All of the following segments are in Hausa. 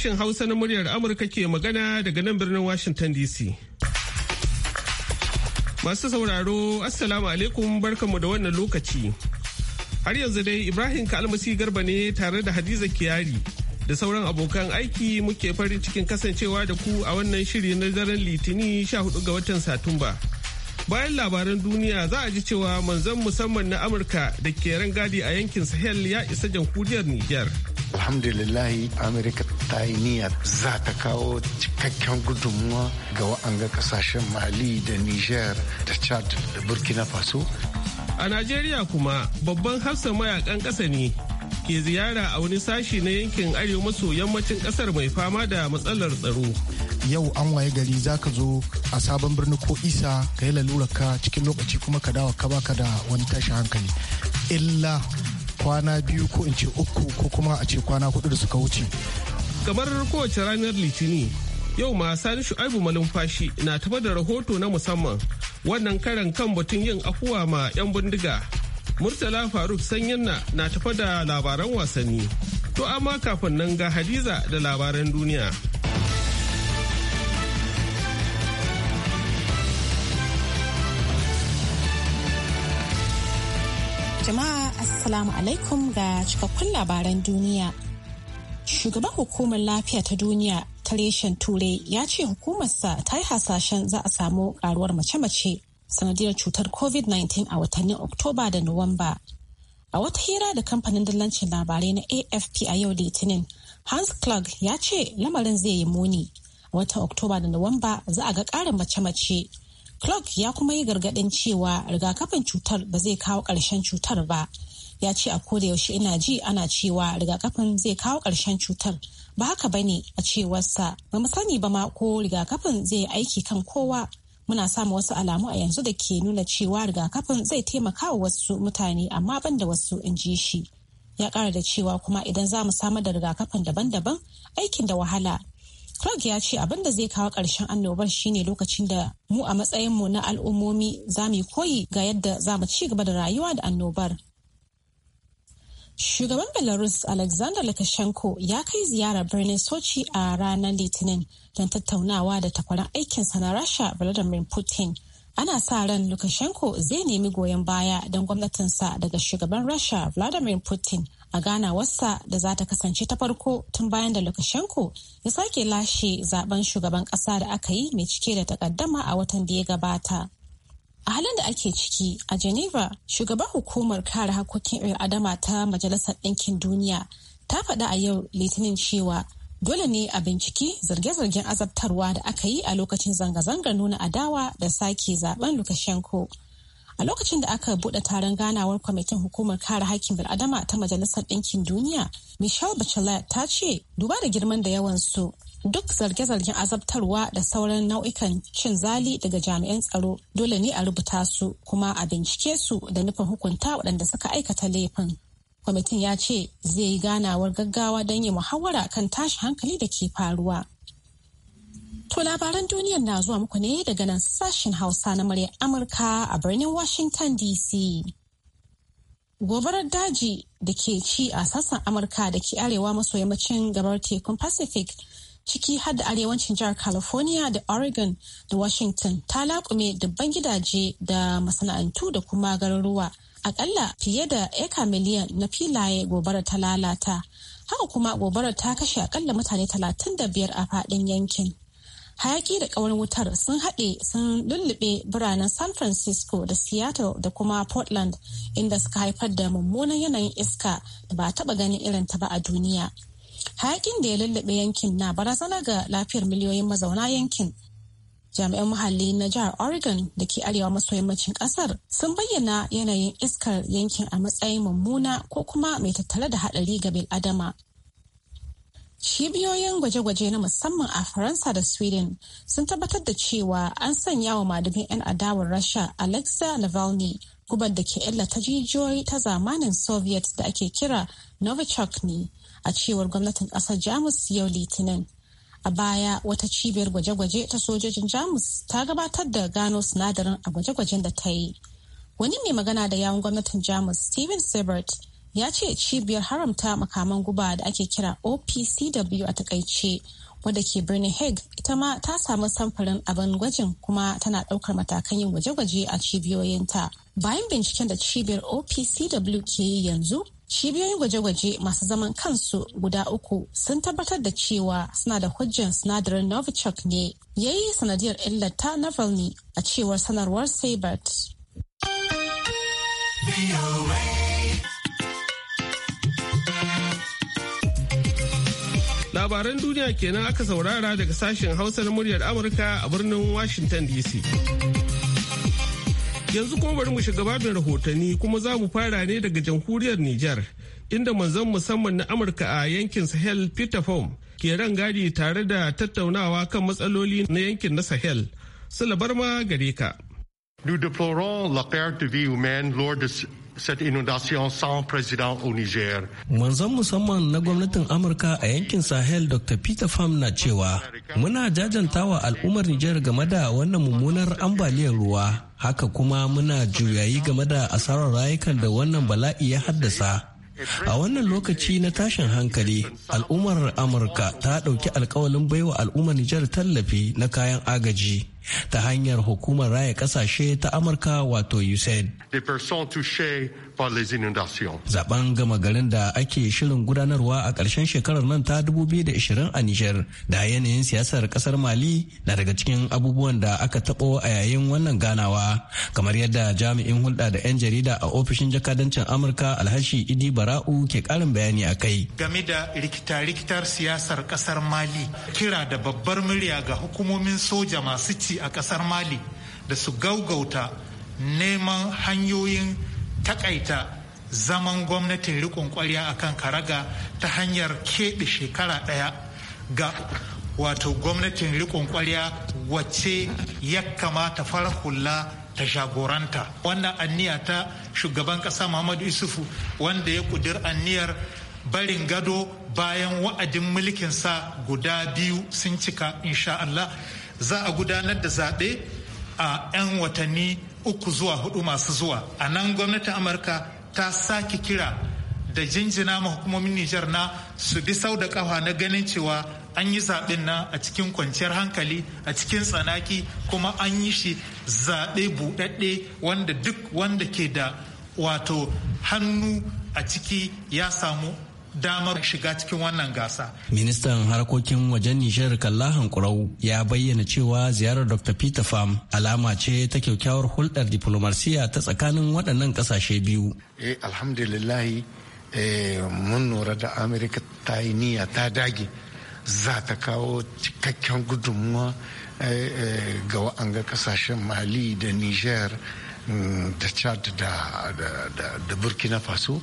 Sashen Hausa na muryar Amurka ke magana daga nan birnin Washington DC. Masu sauraro, Assalamu alaikum barkanmu da wannan lokaci. Har yanzu dai Ibrahim Kalmasi Garba ne tare da Hadiza Kiyari da sauran abokan aiki muke farin cikin kasancewa da ku a wannan shiri na daren Litini 14 ga watan Satumba. Bayan labaran duniya za a ji cewa manzon musamman na Amurka da ke rangadi a yankin Sahel ya isa jamhuriyar niger. Alhamdulillah Amurka ta yi niyyar za ta kawo cikakken gudunmuwa ga wa'anga kasashen mali da niger da chad da burkina faso a najeriya kuma babban hafsa mayakan ƙasa ne ke ziyara a wani sashi na yankin arewa maso yammacin ƙasar mai fama da matsalar tsaro yau an waye gari za ka zo a sabon birni ko isa ka yi ka cikin lokaci kuma ka dawa ka baka da wani tashin hankali illa kwana biyu ko in ce uku ko kuma a ce kwana hudu da suka wuce kamar kowace ranar litini yau ma sani shu'aibu malumfashi na tafa da rahoto na musamman wannan karan kan batun yin afuwa ma 'yan bindiga murtala faruk sanyanna na tafa da labaran wasanni to amma kafin nan ga hadiza da labaran duniya jama'a assalamu alaikum ga cikakkun labaran duniya shugaban hukumar lafiya ta duniya ta reshen turai ya ce hukumarsa ta yi hasashen za a samu karuwar mace-mace sanadiyar cutar covid-19 a watannin oktoba da nuwamba a wata hira da kamfanin dillancin labarai na afp a yau litinin hans clark ya ce lamarin zai yi muni a watan oktoba da nuwamba za a ga karin mace-mace clark ya kuma yi gargadin cewa rigakafin cutar ba zai kawo ƙarshen cutar ba ya ce a koda yaushe ina ji ana cewa rigakafin zai kawo ƙarshen cutar ba haka ba ne a cewarsa ba mu sani ba ma ko rigakafin zai aiki kan kowa muna samu wasu alamu a yanzu da ke nuna cewa rigakafin zai taimaka wa wasu mutane amma ban da wasu in ji shi ya ƙara da cewa kuma idan za mu samar da rigakafin daban-daban aikin da wahala Craig ya ce abin da zai kawo ƙarshen annobar shine lokacin da mu a matsayinmu na al'ummomi za mu koyi ga yadda za mu ci gaba da rayuwa da annobar. Shugaban Belarus Alexander Lukashenko ya kai ziyara birnin Sochi a ranar Litinin don tattaunawa da takwaran aikinsa na Rasha Vladimir Putin. Ana sa ran Lukashenko zai nemi goyon baya don gwamnatinsa daga shugaban Rasha Vladimir Putin a ganawarsa da za ta kasance ta farko tun bayan da Lukashenko ya sake lashe zaben shugaban ƙasa da aka yi mai cike da takaddama a watan da ya gabata. a halin da ake ciki a geneva shugaban hukumar kare harkokin adama ta majalisar ɗinkin duniya ta faɗa a yau litinin cewa dole ne a binciki zarge-zargen azabtarwa da aka yi a lokacin zanga-zangar nuna adawa da sake zaben lukashenko a lokacin da aka buɗe taron ganawar kwamitin hukumar kare hakkin bil'adama ta majalisar ɗinkin duniya michelle bachelet ta ce duba da girman da yawan su duk zarge-zargen azabtarwa da sauran nau'ikan cin zali daga jami'an tsaro dole ne a rubuta su kuma a bincike su da nufin hukunta waɗanda suka aikata laifin kwamitin ya ce zai yi ganawar gaggawa don yi muhawara kan tashi hankali da ke faruwa to labaran duniyar na zuwa muku ne daga nan sashen hausa na murya amurka a birnin washington dc gobarar daji da ke ci a sassan amurka da ke arewa maso yammacin gabar tekun pacific ciki har da arewacin jihar California da Oregon da Washington ta laƙume dubban gidaje da masana'antu da kuma garuruwa. Akalla fiye da eka miliyan na filaye gobara ta lalata. Haka kuma gobarar ta kashe akalla mutane 35 a faɗin yankin. Hayaki da ƙawar wutar sun haɗe sun lullube biranen San Francisco da Seattle da kuma Portland inda suka haifar da mummunan yanayin iska da ba taɓa ganin irin ta ba a duniya. hakin da ya lullube yankin na barazana ga lafiyar miliyoyin mazauna yankin jami'an muhalli na jihar oregon da ke arewa maso yammacin kasar sun bayyana yanayin iskar yankin a matsayin mummuna ko kuma mai tattare da haɗari ga bil'adama cibiyoyin gwaje-gwaje na musamman a faransa da sweden sun tabbatar da cewa an sanya wa malamin 'yan adawar rasha alexa navalny gubar da ke illata jijiyoyi ta zamanin soviet da ake kira novichok ne a cewar gwamnatin ƙasar jamus yau litinin a baya wata cibiyar gwaje-gwaje ta sojojin jamus ta gabatar da gano sinadarin a gwaje-gwajen da ta yi wani mai magana da yawun gwamnatin jamus steven sebert ya ce cibiyar haramta makaman guba da ake kira opcw a takaice wadda ke birnin hague ita ma ta samu samfurin abin gwajin kuma tana daukar matakan yin gwaje-gwaje a cibiyoyinta bayan binciken da cibiyar opcw ke yi yanzu cibiyoyin gwaje-gwaje masu zaman kansu guda uku sun tabbatar da cewa suna da hujjan sinadarin novichok ne ya yi sanadiyar illata navalny a cewar sanarwar sabert labaran duniya kenan aka saurara daga sashen hausar muryar amurka a birnin washington dc Yanzu kuma bari mu shiga babin rahotanni kuma za mu fara ne daga jamhuriyar Nijar inda manzon musamman na Amurka a yankin Sahel Peter Fom ke ran gadi tare da tattaunawa kan matsaloli na yankin na Sahel. Sula Barma gare ka. Nous déplorons la perte de vie humaine lors de cette inondation sans président au Niger. Manzon musamman na gwamnatin Amurka a yankin Sahel Dr. Peter Fam na cewa muna jajantawa al'ummar Niger game da wannan mummunar ambaliyar ruwa. Haka kuma muna juyayi game da asarar rayukan da wannan bala'i ya haddasa. A wannan lokaci na tashin hankali, al'ummar Amurka ta ɗauki alkawalin baiwa al'ummar Nijar tallafi na kayan agaji. ta hanyar hukumar raya kasashe ta amurka wato usaid zaben gama garin da ake shirin gudanarwa a ƙarshen shekarar nan ta 2020 a nijar da yanayin siyasar ƙasar mali na daga cikin abubuwan da aka taɓo a yayin wannan ganawa kamar yadda jami'in hulɗa da 'yan jarida a ofishin jakadancin amurka alhashi idi bara'u ke ƙarin bayani a kai game da rikita-rikitar siyasar ƙasar mali kira da babbar murya ga hukumomin soja masu ci a kasar mali da su gaugauta neman hanyoyin takaita zaman gwamnatin rikon kwarya kan karaga ta hanyar keɓe shekara ɗaya ga wato gwamnatin rikon kwarya wacce ya kamata fara hula ta jagoranta wannan anniya ta shugaban ƙasa muhammadu isufu wanda ya kudir anniyar barin gado bayan wa'adin mulkinsa guda biyu sun cika insha za a gudanar da zaɓe a 'yan watanni uku zuwa hudu masu zuwa a nan gwamnatin amurka ta sake kira da jinjina ma hukumomin nijar na su bi sau da kafa na ganin cewa an yi zaɓen na a cikin kwanciyar hankali a cikin tsanaki kuma an yi shi zaɓe buɗaɗɗe wanda duk wanda ke da wato hannu a ciki ya samu damar shiga cikin wannan gasa. Ministan harkokin wajen Nijar Kalla Hankurau ya bayyana cewa ziyarar Dr. Peter Pham alama ce ta kyaukyawar hulɗar diplomasiya ta tsakanin waɗannan ƙasashe biyu. Eh alhamdulillahi eh, mun lura da Amerika ta yi niyya ta dage za ta kawo cikakken gudunmuwa eh, eh, ga wa'anga ƙasashen Mali da Nijar. da chad da burkina faso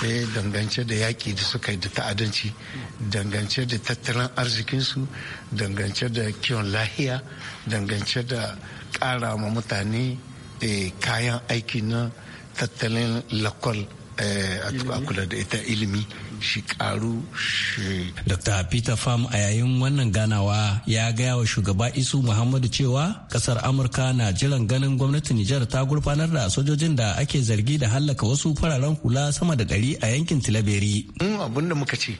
da eh, dangance da yaƙi da suka yi da ta'adanci dangance da tattalin arzikinsu dangance da kiwon lahiya dangance da ƙara ma mutane eh, kayan aiki na tattalin lakol eh, a kula da ita ilimi shi karu shi. Dr. Peter Pham a yayin wannan ganawa ya gaya wa shugaba Isu Muhammadu cewa kasar Amurka na jiran ganin gwamnatin Nijar ta gurfanar da sojojin da ake zargi da hallaka wasu fararen hula sama da ɗari a yankin Tilaberi. Mun abin da muka ce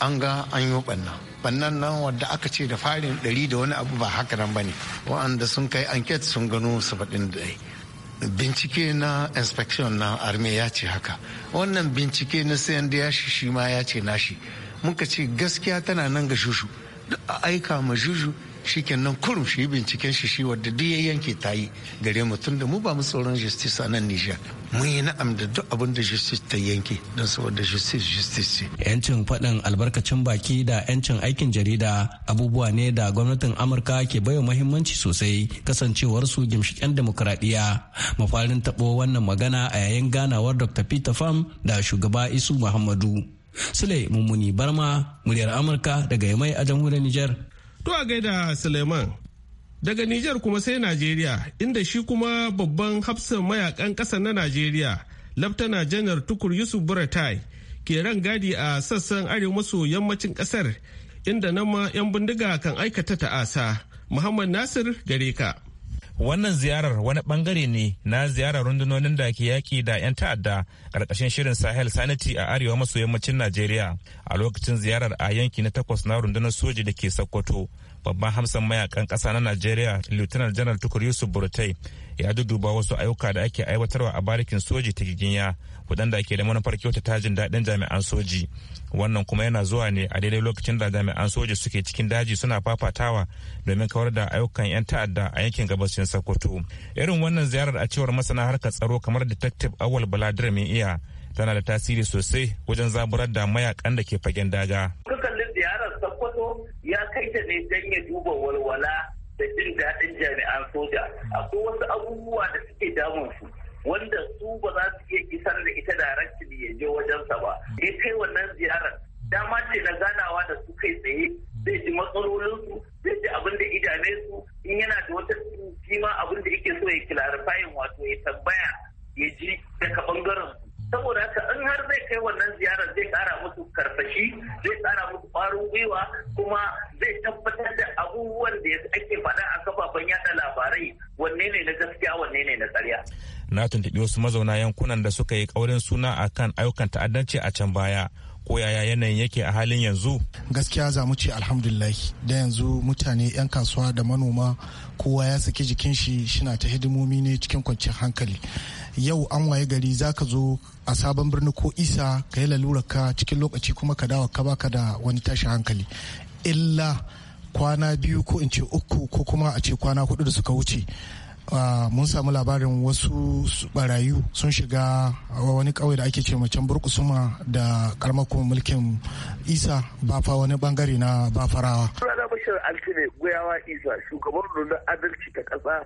an ga an yi banna bannan nan wadda aka ce da farin ɗari da wani abu ba haka nan ba ne wa'anda sun kai anket sun gano saba'in da ɗaya bincike na inspection na arme ya ce haka wannan bincike na sayan da yashi shi ma ya ce nashi muka ce gaskiya tana nan ga shushu aika ma juju shikenan kurum shi binciken shi shi wadda duk ya yanke ta yi gare mu tunda mu ba mu tsoron justice a nan Nijar mun yi na'am da duk abin da justice ta yanke don saboda justice justice ce yancin faɗin albarkacin baki da yancin aikin jarida abubuwa ne da gwamnatin Amurka ke baiwa muhimmanci sosai kasancewar su gimshiken demokradiya mafarin tabo wannan magana a yayin ganawar Dr. Peter Pham da shugaba Isu Muhammadu Sule Mummuni Barma, muryar Amurka daga Yamai a jamhuriyar Nijar. To a gaida Suleiman. Daga Nijar kuma sai Najeriya inda shi kuma babban hafsan mayakan ƙasa na Najeriya Laftana Janar Tukur Yusuf Buratai ke ran gadi a sassan arewa maso yammacin ƙasar inda nan ma 'yan bindiga kan aikata ta'asa. Muhammad Nasir gare ka. wannan ziyarar wani bangare ne na ziyarar rundunonin da ke yaƙi da 'yan ta'adda ƙarƙashin shirin sahel sanity a arewa maso yammacin najeriya a lokacin ziyarar a yanki na takwas na rundunar soji da ke sokoto babban hamsan mayakan ƙasa na najeriya lieutenant general tukur yusuf burtai ya duduba wasu ayyuka da ake aiwatarwa a barikin soji ta giginya waɗanda ke da manufar kyauta tajin daɗin jami'an soji wannan kuma yana zuwa ne a daidai lokacin da jami'an soji suke cikin daji suna fafatawa domin kawar da ayyukan 'yan ta'adda a yankin gabashin sokoto irin wannan ziyarar a cewar masana harkar tsaro kamar detective awal baladir mai iya tana da tasiri sosai wajen zaburar da mayakan da ke fagen daga. Dukkanin ziyarar Sokoto ya kai ta ne don ya duba walwala da jin daɗin jami'an soja akwai wasu abubuwa da suke damun su wanda su ba za su iya isar da ita da directly ya je wajensa ba ya kai wannan ziyarar dama ce na ganawa da su kai tsaye zai ji matsalolinsu zai ji abin da idane su in yana da wata kima abin da yake so ya kilarifayin wato ya tambaya ya ji daga bangaren su saboda haka in har zai kai wannan ziyarar zai kara musu karfashi zai kara musu kwarin gwiwa kuma zai tabbatar da abubuwan da ake faɗa a kafafen yada labarai wanne ne na gaskiya wanne ne na tsarya na tuntuɓi wasu mazauna yankunan da suka yi ƙaurin suna akan ayyukan ta'addanci a can baya ko yaya yanayin yake a halin yanzu gaskiya za mu ce alhamdulillah da yanzu mutane 'yan kasuwa da manoma kowa ya saki jikin shi shina ta hidimomi ne cikin kwanciyar hankali yau an waye gari za ka zo a sabon birni ko isa ka yi ka cikin lokaci kuma ka dawo ka baka da wani tashin hankali illa kwana biyu ko in ce uku ko kuma a ce kwana hudu da suka wuce Ah, mun samu labarin wasu barayu sun shiga wani kauye da ake ce macen burkusuma da karmakon mulkin isa bafa wani bangare na bafarawa bashir altine goyawa isa shugaban nuna adalci ta kasa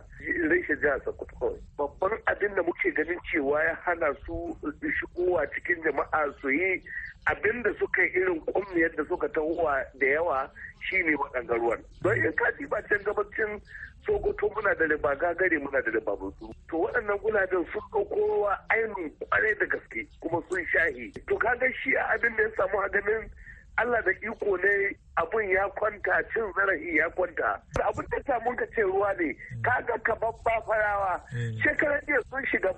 reshe jihar sokoto kawai babban abin da muke ganin cewa ya hana su shigowa cikin jama'a su yi Abin da suka yi irin kummiyar da suka tahowa da yawa shine waɗanda ruwan don in kaji ba can gabacin sokoto muna da riba gagare muna da riba basu to waɗannan gulaben sun ɗauko ainihin kwarai da gaske kuma sun shahi to kaga shi abin da ya samu haganin. Allah da iko ne abun ya kwanta cin zarafi ya kwanta abun da samun ka ce ruwa ne kaga kamar babba farawa eh. shekarar jiya sun shiga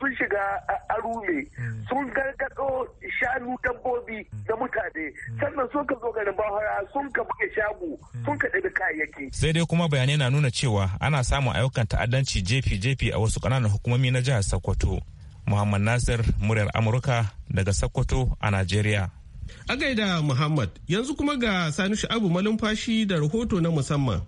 sun shiga arume eh. sun gargado shanu dabbobi hmm. da mutane hmm. sannan sun ka zo garin bahara sun ka buga shago hmm. sun ka ɗaga kayayyaki sai dai kuma bayanai na nuna cewa ana samun ayyukan ta'addanci jefi-jefi a wasu ƙananan hukumomi na jihar Sokoto Muhammad Nasir muryar Amurka daga Sokoto a Najeriya A gaida Muhammad yanzu kuma ga Sani Sha'abu malumfashi da rahoto na musamman.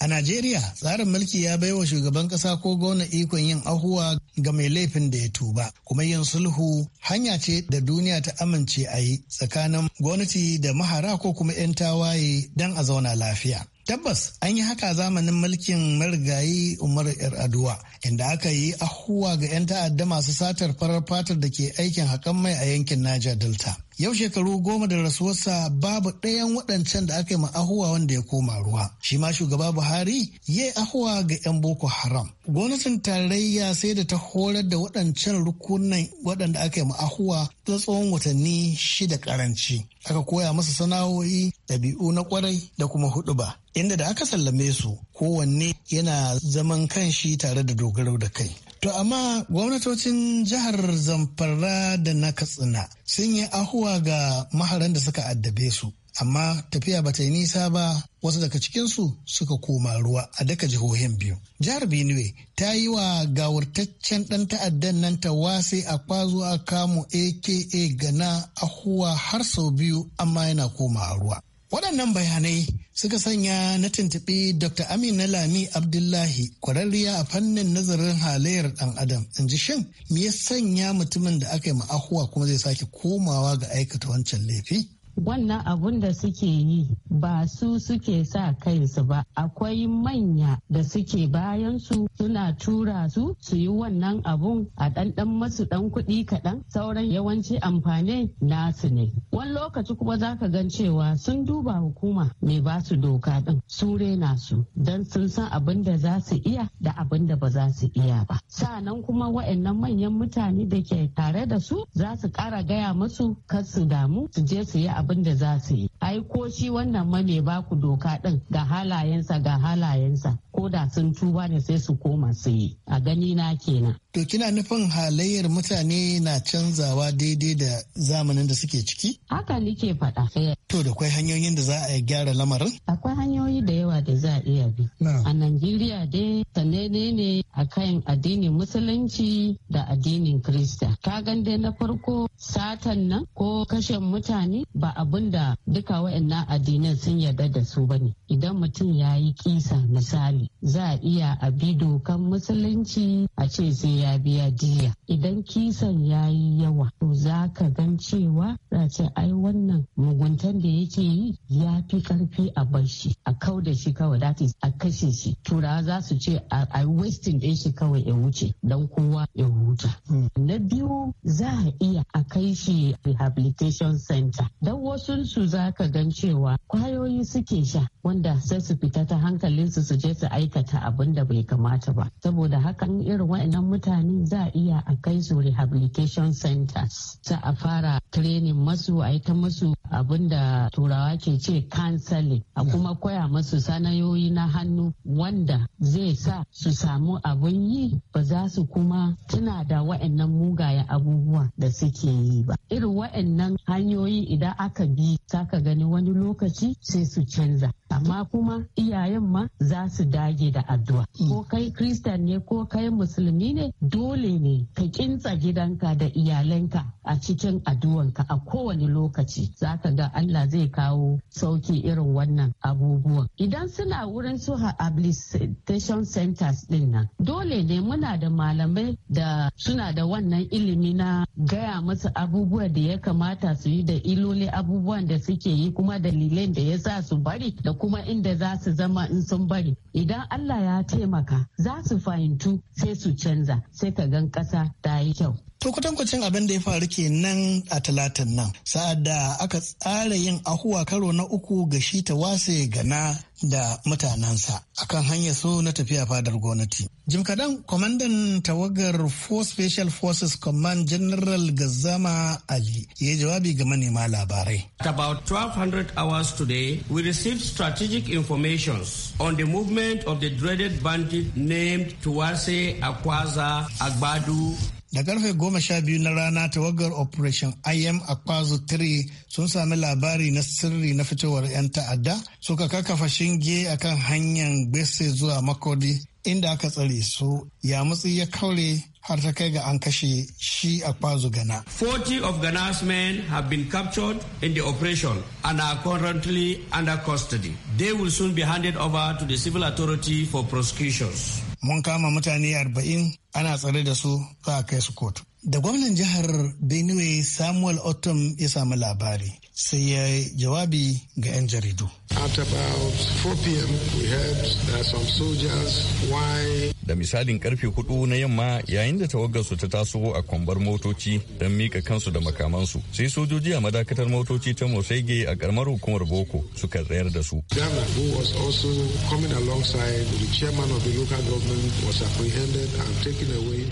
A Najeriya tsarin mulki ya baiwa shugaban ƙasa ko gona ikon yin ahuwa ga mai laifin da ya tuba kuma yin sulhu hanya ce da duniya ta amince a yi tsakanin gwamnati da mahara ko kuma 'yan tawaye don a zauna lafiya. Tabbas an yi haka zamanin mulkin marigayi Umar Yar'adua inda aka yi ahuwa ga 'yan ta'adda masu satar farar fatar da ke aikin hakan mai a yankin Niger Delta. yau shekaru goma da rasuwarsa babu ɗayan waɗancan da aka yi ma'ahuwa wanda ya koma ruwa shi ma shugaba buhari yi ahuwa ga 'yan boko haram gwamnatin tarayya sai da ta horar da waɗancan rukunan waɗanda aka yi ma'ahuwa ta tsawon watanni shida karanci aka koya masa sana'o'i ɗabi'u na kwarai da kuma huɗuba inda da aka sallame su kowanne yana zaman kanshi tare da dogaro da kai To amma gwamnatocin jihar Zamfara da na Katsina sun yi ahuwa ga maharan da suka addabe su. Amma tafiya ba ta yi nisa ba wasu daga cikinsu suka koma ruwa a daga jihohin biyu. Jihar Benue ta yi wa gawurtaccen ɗan ta'addan nan ta wase a kwazo a kamo aka gana ahuwa har sau biyu amma yana koma ruwa. Waɗannan bayanai suka sanya na tuntuɓi Dr. Amina Lami Abdullahi kwararriya a fannin nazarin halayyar ɗan adam in ji shin me ya sanya mutumin da aka yi ma'ahuwa kuma zai sake komawa ga aikata wancan laifi? wannan abun da suke yi ba su suke sa kansu ba akwai manya da suke bayan su suna tura su su yi wannan abun a ɗanɗan masu ɗan kuɗi kaɗan sauran yawanci amfani nasu ne wani lokaci kuma za ka gan cewa sun duba hukuma mai ba su doka ɗin su rena su don sun san abin da za su iya da abin da ba za su iya ba sa'annan kuma wa'annan manyan mutane da ke tare da su za su ƙara gaya musu kar su damu su je su yi abin da za su yi ai ko shi wannan mame baku doka ɗin. ga halayensa ga halayensa ko da sun tuba ne sai su koma su yi a gani na kenan. To kina nufin halayyar mutane na canzawa daidai da zamanin da suke ciki? Haka nike faɗa. Eh. To da kwai hanyoyin da za a gyara lamarin? Akwai hanyoyi da yawa da za a iya bi. A Najeriya dai sanene ne akan addinin Musulunci da addinin Kirista. Ka gan dai na farko satan nan ko kashen mutane ba abin da duka waɗannan addinan sun yarda da su ba ne Idan mutum ya yi kisa misali za a iya a bi dokan musulunci a ce sai ya biya diya idan kisan ya yi yawa to za ka gan cewa za ce ai wannan muguntan da yake yi ya fi karfi a bar shi a kau da shi kawai that is a kashe shi turawa za su ce a wasting din shi kawai ya wuce don kowa ya huta na biyu za a iya a kai shi rehabilitation center don wasu su za ka gan cewa kwayoyi suke sha wanda sai su fita ta hankalin su su je su aikata abin da bai kamata ba saboda hakan irin wa'annan mutane za a iya a kai su rehabilitation centers za a fara training masu a ta masu Abin da turawa ke ce kansalin a kuma koya masu sanayoyi na hannu wanda zai sa su samu abin yi ba za su kuma tuna da wa'annan mugayen abubuwa da suke yi ba irin wa'annan hanyoyi idan aka bi saka gani wani lokaci sai su canza amma kuma iyayen ma za su dage da addu'a ko kai kristan ne ko kai musulmi ne dole ne ka kintsa gidanka da iyalanka a cikin addu'anka a kowane lokaci za zaka ga Allah zai kawo sauki irin wannan abubuwan. Idan suna wurin su habilitation centers din nan dole ne muna da malamai da suna da wannan ilimi na gaya musu abubuwan da ya kamata su yi da iloli abubuwan da suke yi kuma dalilin da ya sa su bari da kuma inda za su zama in sun bari. Idan Allah ya taimaka za su fahimtu sai su canza sai ka gan ƙasa ta yi kyau. To kwatankwacin abin da ya faru kenan a talatin nan sa'ad da aka tsara yin ahuwa karo na uku ga shi ta wase gana da mutanensa akan hanya so na tafiya fadar gwamnati. Jim kaɗan kwamandan tawagar Four Special Forces Command General gazama Ali ya yi jawabi ga manema labarai. At about 1200 hours today, we received strategic information on the movement of the dreaded bandit named Tuwase Akwaza Agbadu Da karfe goma sha biyu na rana tawagar Operation IM Akwazu 3 sun sami labari na sirri na fitowar 'yan ta'adda suka kakafa shinge akan hanyar gbese zuwa makodi inda aka tsare su yamutsi ya kaure har ta kai ga an kashe shi a kwazo gana. 40 of Ghana's men have been captured in the operation and are currently under custody. They will soon be handed over to the civil authority for prosecutions. mun kama mutane arba'in ana tsare da su za a kai su kotu da gwamnan jihar benue samuel otom ya samu labari sai ya yi jawabi ga 'yan jaridu. At about 4 p.m. we heard that some soldiers why da misalin karfe hudu na yamma yayin da su ta taso a kwambar motoci don mika kansu da makamansu sai sojoji a madakatar motoci ta mosege a karamar hukumar boko suka tsayar da su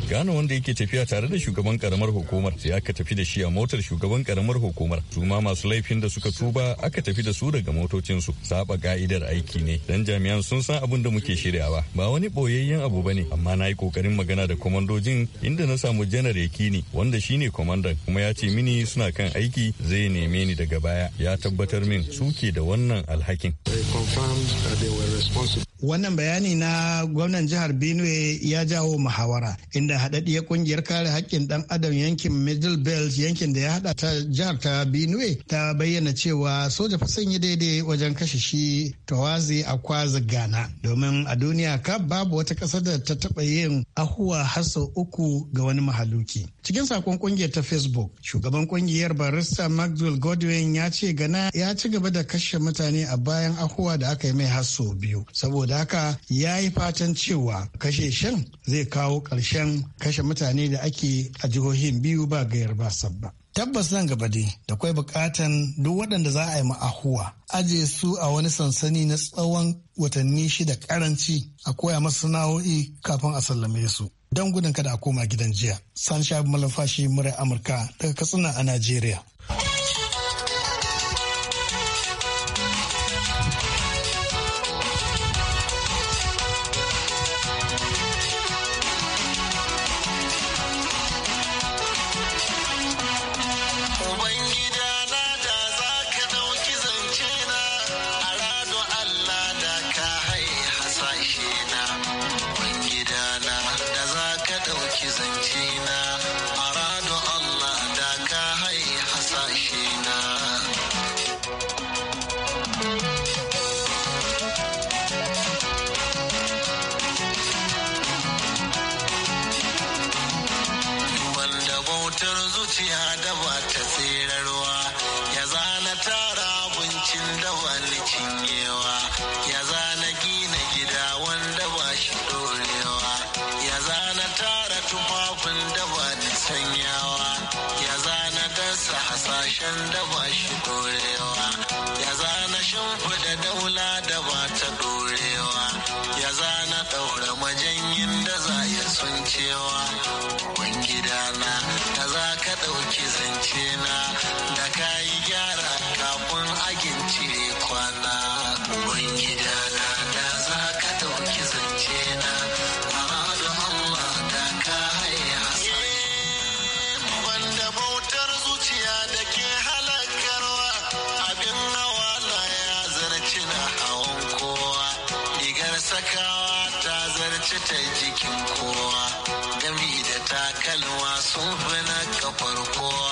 gano wanda yake tafiya tare da shugaban karamar hukumar sai aka tafi da shi a motar shugaban karamar hukumar su masu laifin da suka tuba aka tafi da su daga motocinsu saba ga'idar aiki ne dan jami'an sun san abin da muke shiryawa ba wani boyayyen abu ba ne amma na yi kokarin magana da kwamandojin inda na samu janar yakini wanda shi ne kwamandan kuma ya ce mini suna kan aiki zai neme ni daga baya ya tabbatar min suke da wannan alhakin. Wannan bayani na gwamnan jihar Benue ya jawo muhawara inda hadaddiya ƙungiyar kare haƙƙin ɗan adam yankin Middle Belt yankin da ya haɗa ta jihar ta Benue ta bayyana cewa soja fa sun yi daidai wajen kashe shi Tawazi Akwazi Ghana domin a duniya ka babu wata ƙasa da ta taɓa yin ahuwa har sau uku ga wani mahaluki. Cikin sakon ƙungiyar ta Facebook, shugaban ƙungiyar barista Maxwell Godwin ya ce Gana ya ci gaba da kashe mutane a bayan ahuwa da aka yi mai har sau biyu saboda saboda haka ya yi fatan cewa kashe shan zai kawo karshen kashe mutane da ake a jihohin biyu ba gayar ba sabba tabbas nan gaba dai da kwai bukatan duk waɗanda za a yi ma'ahuwa aje su a wani sansani na tsawon watanni shida karanci a koya masu sana'o'i kafin a sallame su don gudun kada a koma gidan jiya san shabi malafashi murai amurka daga katsina a najeriya Yeah. you. zama na kafar kowa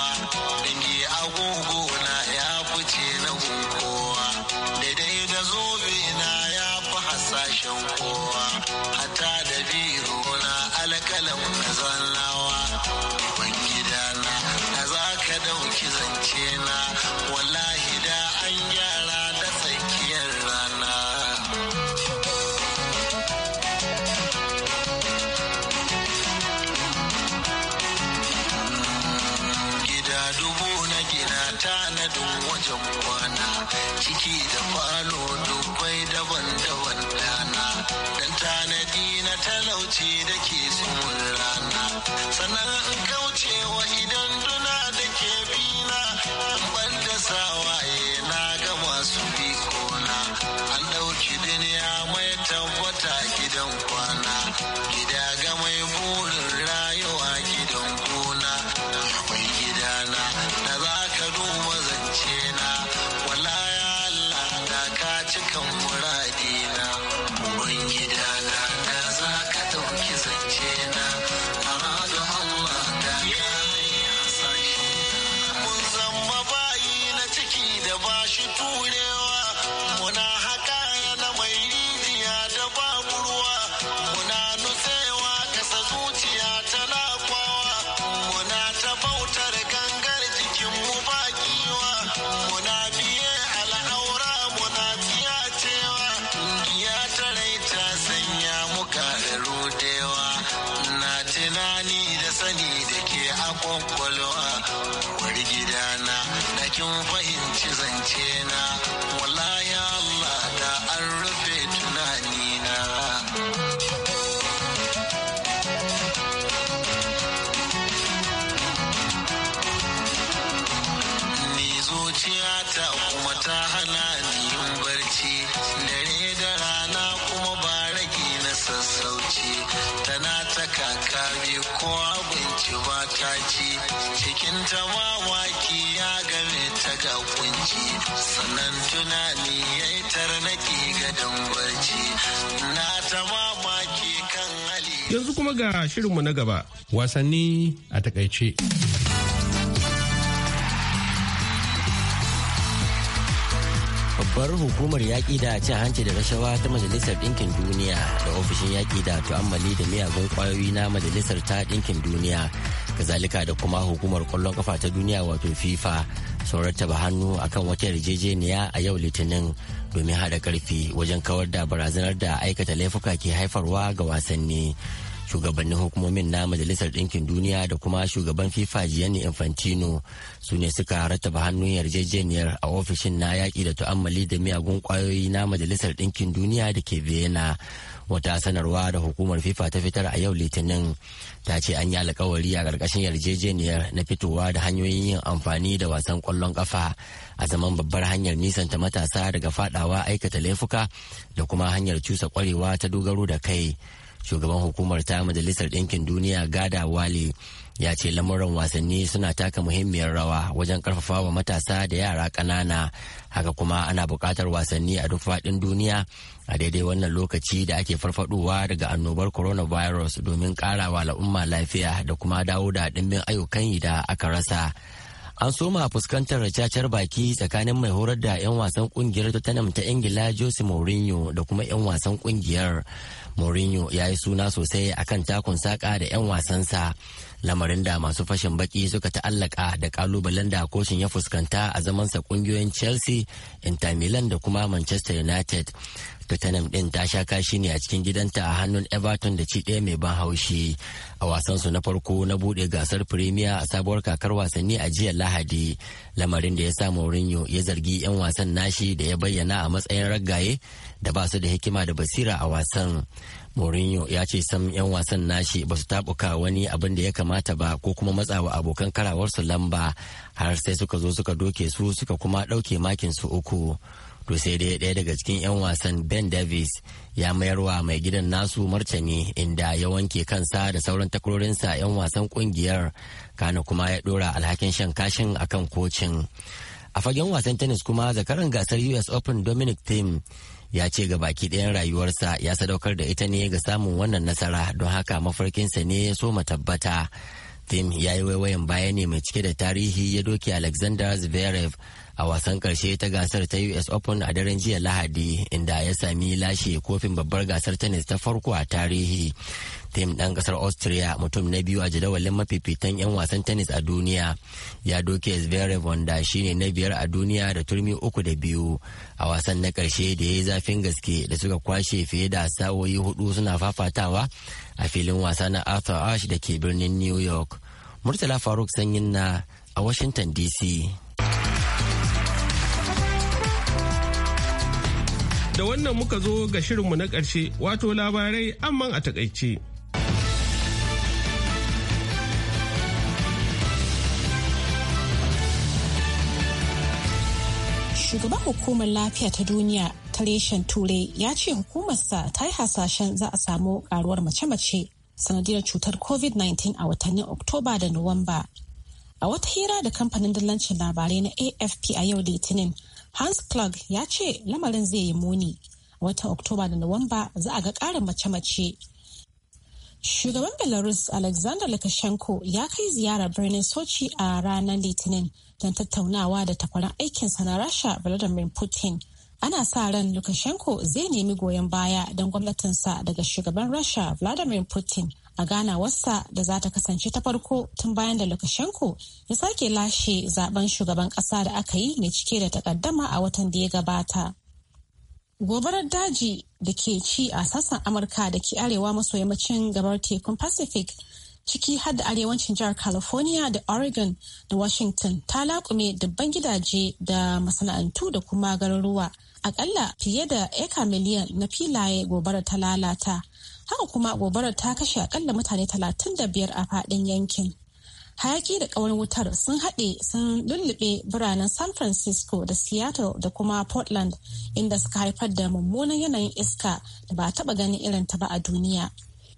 mataki cikin tawawaki ya game ta ga kunci sannan tunani ya yi tarnaki ga dambarci na tawawaki kan hali yanzu kuma ga shirinmu na gaba wasanni a takaice babbar hukumar yaƙi da cin hanci da rashawa ta majalisar ɗinkin duniya da ofishin yaƙi da tu'ammali da miyagun ƙwayoyi na majalisar ta ɗinkin duniya kazalika da kuma hukumar kwallon kafa ta duniya wato fifa sun rattaba hannu akan wata yarjejeniya a yau litinin domin hada karfi wajen kawar da barazanar da aikata laifuka ke haifarwa ga wasanni shugabannin hukumomin na majalisar ɗinkin duniya da kuma shugaban fifa gianni infantino su ne suka rattaba hannun yarjejeniyar a ofishin na yaƙi da tu'ammali da miyagun ƙwayoyi na majalisar ɗinkin duniya da ke vienna wata sanarwa da hukumar fifa ta fitar a yau litinin ta ce an yi alkawari a ƙarƙashin yarjejeniyar na fitowa da hanyoyin yin amfani da wasan ƙwallon ƙafa a zaman babbar hanyar nisanta matasa daga faɗawa aikata laifuka da kuma hanyar cusa ƙwarewa ta dogaro da kai shugaban hukumar ta majalisar ɗinkin duniya gada wale ya ce lamuran wasanni suna taka muhimmiyar rawa wajen karfafawa matasa da yara ƙanana haka kuma ana buƙatar wasanni a duk faɗin duniya a daidai wannan lokaci da ake farfaɗowa daga annobar coronavirus domin ƙarawa al'umma lafiya da kuma dawo da ɗimbin ayyukan yi da aka rasa. an soma fuskantar cacar baki tsakanin mai horar da 'yan wasan kungiyar tottenham ta ingila jose mourinho da kuma 'yan wasan kungiyar mourinho ya yi suna sosai a kan takun saka da 'yan wasansa lamarin da masu fashin baki suka ta'allaka da kalubalen da koshin ya fuskanta a zamansa kungiyoyin chelsea inter milan da kuma manchester united tottenham din ta sha kashi ne a cikin gidanta a hannun everton da ci ɗaya mai ban haushi a wasansu na farko na buɗe gasar premier a sabuwar kakar wasanni a jiya lahadi lamarin da ya sa mourinho ya zargi 'yan wasan nashi da ya bayyana a matsayin raggaye da ba su da hikima da basira a wasan Mourinho ya ce sam 'yan wasan nashi ba su tabuka wani abin da ya kamata ba ko kuma matsawa abokan karawarsu lamba har sai suka zo suka doke su suka kuma ɗauke makin su uku. to sai dai ɗaya daga cikin 'yan wasan ben davis ya mayarwa mai gidan nasu martani inda ya wanke kansa da sauran takwarorinsa 'yan wasan kungiyar kana kuma ya ɗora alhakin shan kashin a kan kocin a fagen wasan tennis kuma zakaran gasar us open dominic team ya ce ga baki ɗayan rayuwarsa ya sadaukar da ita ne ga samun wannan nasara don haka mafarkinsa ne ya so tabbata tim ya yi waiwayan baya ne mai cike da tarihi ya doke alexander zverev a wasan karshe ta gasar ta US Open a daren jiya Lahadi inda ya sami lashe kofin babbar gasar tennis ta farko a tarihi. Tim ɗan ƙasar Austria mutum na biyu a jadawalin mafifitan 'yan wasan tennis a duniya ya doke Zverev wanda shine na biyar a duniya da turmi uku da biyu a wasan na ƙarshe da ya yi zafin gaske da suka kwashe fiye da sa'o'i hudu suna fafatawa a filin wasa na Arthur Ashe da ke birnin New York. Murtala Faruk Sanyin na a Washington DC. Da wannan muka zo ga shirinmu na ƙarshe wato labarai amman a takaice. Shugaban hukumar lafiya ta duniya ta reshen turai ya ce hukumarsa ta yi hasashen za a samu karuwar mace-mace sanadiyar cutar covid-19 a watannin oktoba da nuwamba a wata hira da kamfanin dillancin labarai na afp a yau litinin Hans klug ya ce lamarin zai yi muni. Watan Oktoba da Nuwamba za a ga ƙarin mace-mace. Shugaban Belarus Alexander Lukashenko ya kai ziyara birnin Sochi a ranar Litinin don tattaunawa da takwaran aikinsa na Rasha Vladimir Putin. Ana sa ran Lukashenko zai nemi goyon baya don gwamnatinsa daga shugaban Rasha Vladimir Putin a ganawarsa da za ta kasance ta farko tun bayan da Lukashenko ya sake lashe zaben shugaban ƙasa da aka yi mai cike da takaddama a watan da ya gabata. Gobarar daji da ke ci a sassan Amurka da ke arewa maso yammacin gabar tekun Pacific ciki har da arewacin jihar California da Oregon da Washington ta laƙume dubban gidaje da masana'antu da kuma garuruwa. Akalla fiye da eka miliyan na filaye gobarar ta lalata. haka kuma gobarar ta kashe akalla mutane 35 a fadin yankin hayaki da ƙaurin wutar sun haɗe sun lullube biranen san francisco da seattle da kuma portland inda suka haifar da mummunan yanayin iska da ba taɓa ganin irin ta ba a duniya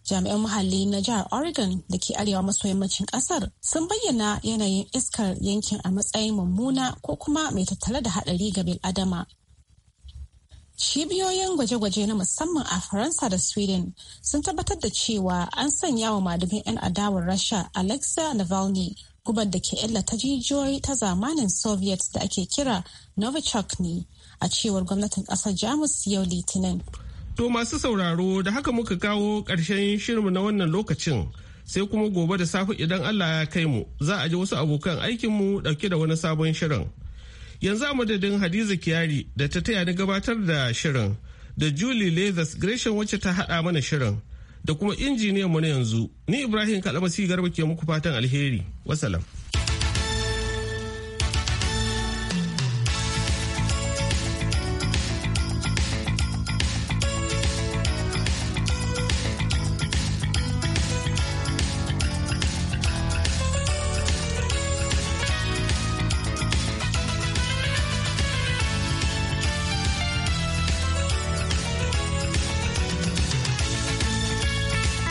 jami'an muhalli na jihar oregon da ke arewa maso yammacin ƙasar sun bayyana yanayin iskar yankin a matsayin mummuna ko kuma mai tattale da haɗari ga bil'adama Cibiyoyin gwaje-gwaje na musamman a Faransa da Sweden sun tabbatar da cewa an sanya wa malamin 'yan adawar Rasha Alexa Navalny gubar da ke illata jijiyoyi ta zamanin Soviet da ake kira Novichok ne a cewar gwamnatin ƙasar Jamus yau Litinin. To masu sauraro da haka muka kawo ƙarshen shirinmu na wannan lokacin. sai kuma gobe da safe idan Allah ya kai mu za a ji wasu abokan aikinmu ɗauke da wani sabon shirin. yanzu a madadin hadiza kiyari da ta taya ni gabatar da shirin da julie lathers gresham wacce ta haɗa mana shirin da kuma injiniyan mu na yanzu ni ibrahim kalamasi garba ke muku fatan alheri wasalam